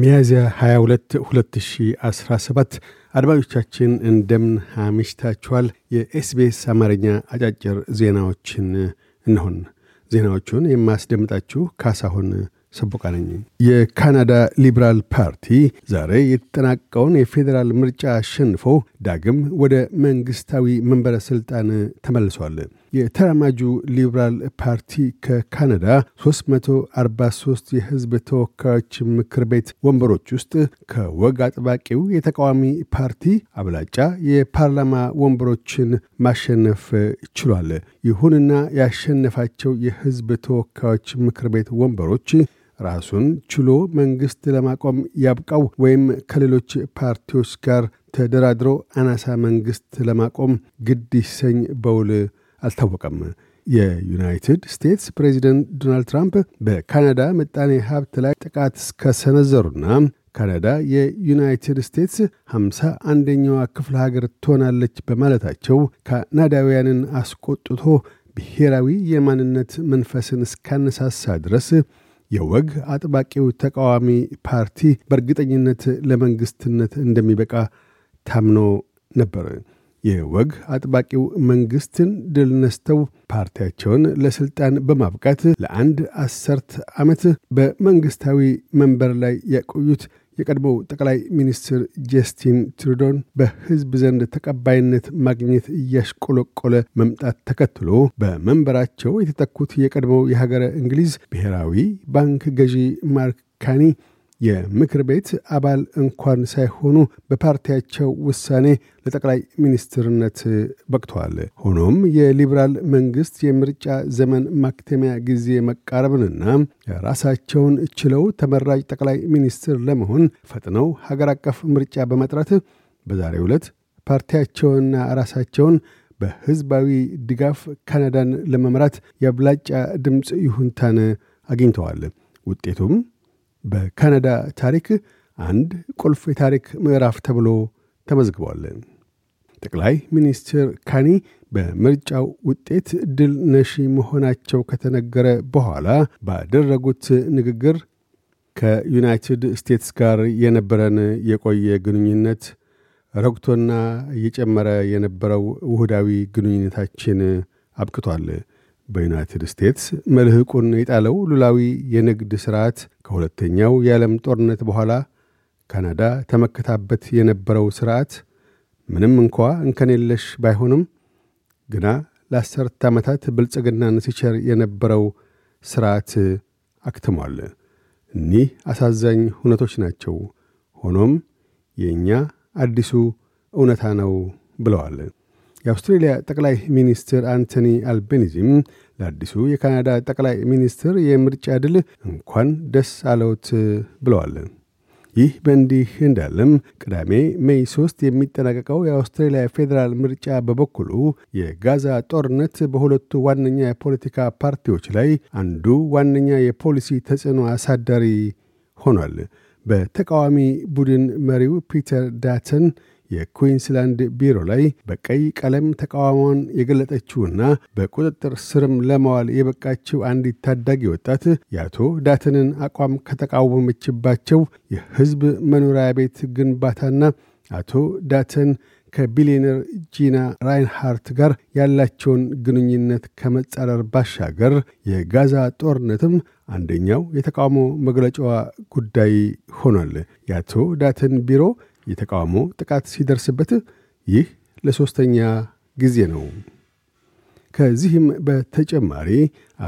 ሚያዝያ 22 2017 አድማጮቻችን እንደምን አምሽታችኋል የኤስቤስ አማርኛ አጫጭር ዜናዎችን እንሆን ዜናዎቹን የማስደምጣችሁ ካሳሁን ሰቦቃ ነኝ የካናዳ ሊብራል ፓርቲ ዛሬ የተጠናቀውን የፌዴራል ምርጫ አሸንፎ ዳግም ወደ መንግሥታዊ መንበረ ሥልጣን ተመልሷል የተራማጁ ሊብራል ፓርቲ ከካናዳ 343 የህዝብ ተወካዮች ምክር ቤት ወንበሮች ውስጥ ከወግ አጥባቂው የተቃዋሚ ፓርቲ አብላጫ የፓርላማ ወንበሮችን ማሸነፍ ችሏል። ይሁንና ያሸነፋቸው የህዝብ ተወካዮች ምክር ቤት ወንበሮች ራሱን ችሎ መንግሥት ለማቆም ያብቃው ወይም ከሌሎች ፓርቲዎች ጋር ተደራድሮ አናሳ መንግሥት ለማቆም ግድ ይሰኝ በውል አልታወቀም። የዩናይትድ ስቴትስ ፕሬዚደንት ዶናልድ ትራምፕ በካናዳ ምጣኔ ሀብት ላይ ጥቃት እስከሰነዘሩና ካናዳ የዩናይትድ ስቴትስ ሃምሳ አንደኛዋ ክፍለ ሀገር ትሆናለች በማለታቸው ካናዳውያንን አስቆጥቶ ብሔራዊ የማንነት መንፈስን እስካነሳሳ ድረስ የወግ አጥባቂው ተቃዋሚ ፓርቲ በእርግጠኝነት ለመንግስትነት እንደሚበቃ ታምኖ ነበር። የወግ አጥባቂው መንግስትን ድል ነስተው ፓርቲያቸውን ለስልጣን በማብቃት ለአንድ አሰርት ዓመት በመንግስታዊ መንበር ላይ ያቆዩት የቀድሞው ጠቅላይ ሚኒስትር ጀስቲን ትሩዶን በህዝብ ዘንድ ተቀባይነት ማግኘት እያሽቆለቆለ መምጣት ተከትሎ በመንበራቸው የተተኩት የቀድሞው የሀገረ እንግሊዝ ብሔራዊ ባንክ ገዢ ማርክ ካኒ የምክር ቤት አባል እንኳን ሳይሆኑ በፓርቲያቸው ውሳኔ ለጠቅላይ ሚኒስትርነት በቅተዋል። ሆኖም የሊበራል መንግስት የምርጫ ዘመን ማክተሚያ ጊዜ መቃረብንና ራሳቸውን ችለው ተመራጭ ጠቅላይ ሚኒስትር ለመሆን ፈጥነው ሀገር አቀፍ ምርጫ በመጥራት በዛሬ ዕለት ፓርቲያቸውንና ራሳቸውን በህዝባዊ ድጋፍ ካናዳን ለመምራት የአብላጫ ድምፅ ይሁንታን አግኝተዋል። ውጤቱም በካናዳ ታሪክ አንድ ቁልፍ የታሪክ ምዕራፍ ተብሎ ተመዝግቧል። ጠቅላይ ሚኒስትር ካኒ በምርጫው ውጤት ድል ነሺ መሆናቸው ከተነገረ በኋላ ባደረጉት ንግግር ከዩናይትድ ስቴትስ ጋር የነበረን የቆየ ግንኙነት ረግቶና እየጨመረ የነበረው ውህዳዊ ግንኙነታችን አብቅቷል። በዩናይትድ ስቴትስ መልህቁን የጣለው ሉላዊ የንግድ ሥርዓት ከሁለተኛው የዓለም ጦርነት በኋላ ካናዳ ተመከታበት የነበረው ሥርዓት ምንም እንኳ እንከን የለሽ ባይሆንም ግና ለአሠርት ዓመታት ብልጽግናን ሲቸር የነበረው ሥርዓት አክትሟል። እኒህ አሳዛኝ ሁነቶች ናቸው። ሆኖም የእኛ አዲሱ እውነታ ነው ብለዋል። የአውስትሬልያ ጠቅላይ ሚኒስትር አንቶኒ አልቤኒዚም ለአዲሱ የካናዳ ጠቅላይ ሚኒስትር የምርጫ ድል እንኳን ደስ አለውት ብለዋል። ይህ በእንዲህ እንዳለም ቅዳሜ ሜይ 3 የሚጠናቀቀው የአውስትሬልያ ፌዴራል ምርጫ በበኩሉ የጋዛ ጦርነት በሁለቱ ዋነኛ የፖለቲካ ፓርቲዎች ላይ አንዱ ዋነኛ የፖሊሲ ተጽዕኖ አሳዳሪ ሆኗል። በተቃዋሚ ቡድን መሪው ፒተር ዳተን የኩዊንስላንድ ቢሮ ላይ በቀይ ቀለም ተቃውሞን የገለጠችውና በቁጥጥር ስርም ለማዋል የበቃችው አንዲት ታዳጊ ወጣት የአቶ ዳትንን አቋም ከተቃወመችባቸው የህዝብ መኖሪያ ቤት ግንባታና አቶ ዳተን ከቢሊዮነር ጂና ራይንሃርት ጋር ያላቸውን ግንኙነት ከመጻረር ባሻገር የጋዛ ጦርነትም አንደኛው የተቃውሞ መግለጫዋ ጉዳይ ሆኗል። የአቶ ዳተን ቢሮ የተቃውሞ ጥቃት ሲደርስበት ይህ ለሦስተኛ ጊዜ ነው። ከዚህም በተጨማሪ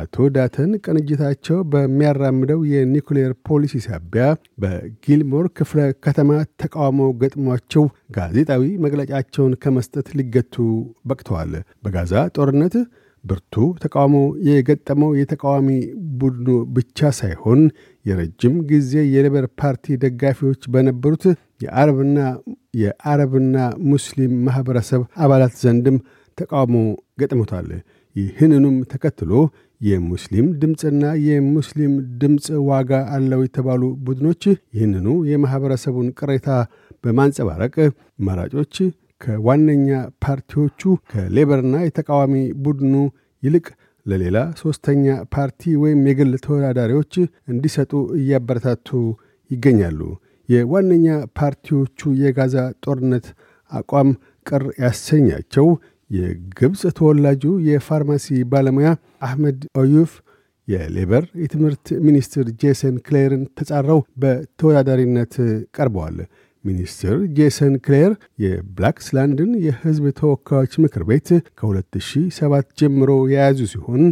አቶ ዳተን ቅንጅታቸው በሚያራምደው የኒኩሌር ፖሊሲ ሳቢያ በጊልሞር ክፍለ ከተማ ተቃውሞ ገጥሟቸው ጋዜጣዊ መግለጫቸውን ከመስጠት ሊገቱ በቅተዋል። በጋዛ ጦርነት ብርቱ ተቃውሞ የገጠመው የተቃዋሚ ቡድኑ ብቻ ሳይሆን የረጅም ጊዜ የሌበር ፓርቲ ደጋፊዎች በነበሩት የአረብና የአረብና ሙስሊም ማኅበረሰብ አባላት ዘንድም ተቃውሞ ገጥሞታል። ይህንኑም ተከትሎ የሙስሊም ድምፅና የሙስሊም ድምፅ ዋጋ አለው የተባሉ ቡድኖች ይህንኑ የማኅበረሰቡን ቅሬታ በማንጸባረቅ መራጮች ከዋነኛ ፓርቲዎቹ ከሌበርና የተቃዋሚ ቡድኑ ይልቅ ለሌላ ሦስተኛ ፓርቲ ወይም የግል ተወዳዳሪዎች እንዲሰጡ እያበረታቱ ይገኛሉ። የዋነኛ ፓርቲዎቹ የጋዛ ጦርነት አቋም ቅር ያሰኛቸው የግብፅ ተወላጁ የፋርማሲ ባለሙያ አህመድ ኦዩፍ የሌበር የትምህርት ሚኒስትር ጄሰን ክሌርን ተጻረው በተወዳዳሪነት ቀርበዋል። ሚኒስትር ጄሰን ክሌር የብላክስላንድን የህዝብ ተወካዮች ምክር ቤት ከ2007 ጀምሮ የያዙ ሲሆን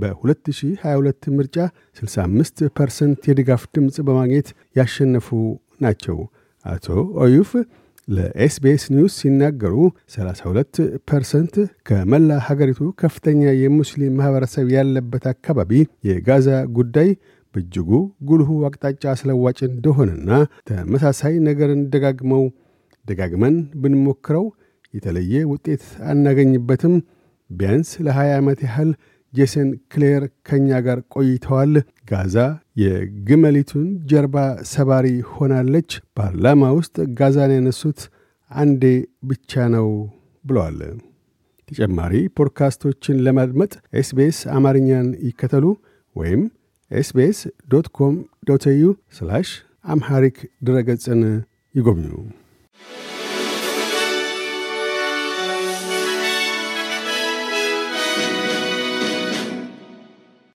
በ2022 ምርጫ 65 ፐርሰንት የድጋፍ ድምፅ በማግኘት ያሸነፉ ናቸው። አቶ ኦዩፍ ለኤስቢኤስ ኒውስ ሲናገሩ 32 ፐርሰንት ከመላ ሀገሪቱ ከፍተኛ የሙስሊም ማኅበረሰብ ያለበት አካባቢ የጋዛ ጉዳይ በእጅጉ ጉልሁ አቅጣጫ አስለዋጭ እንደሆነና ተመሳሳይ ነገርን ደጋግመው ደጋግመን ብንሞክረው የተለየ ውጤት አናገኝበትም ቢያንስ ለ20 ዓመት ያህል ጄሰን ክሌር ከእኛ ጋር ቆይተዋል። ጋዛ የግመሊቱን ጀርባ ሰባሪ ሆናለች። ፓርላማ ውስጥ ጋዛን ያነሱት አንዴ ብቻ ነው ብለዋል። ተጨማሪ ፖድካስቶችን ለማድመጥ ኤስቤስ አማርኛን ይከተሉ ወይም ኤስቤስ ዶት ኮም ዶት ኤዩ አምሃሪክ ድረገጽን ይጎብኙ።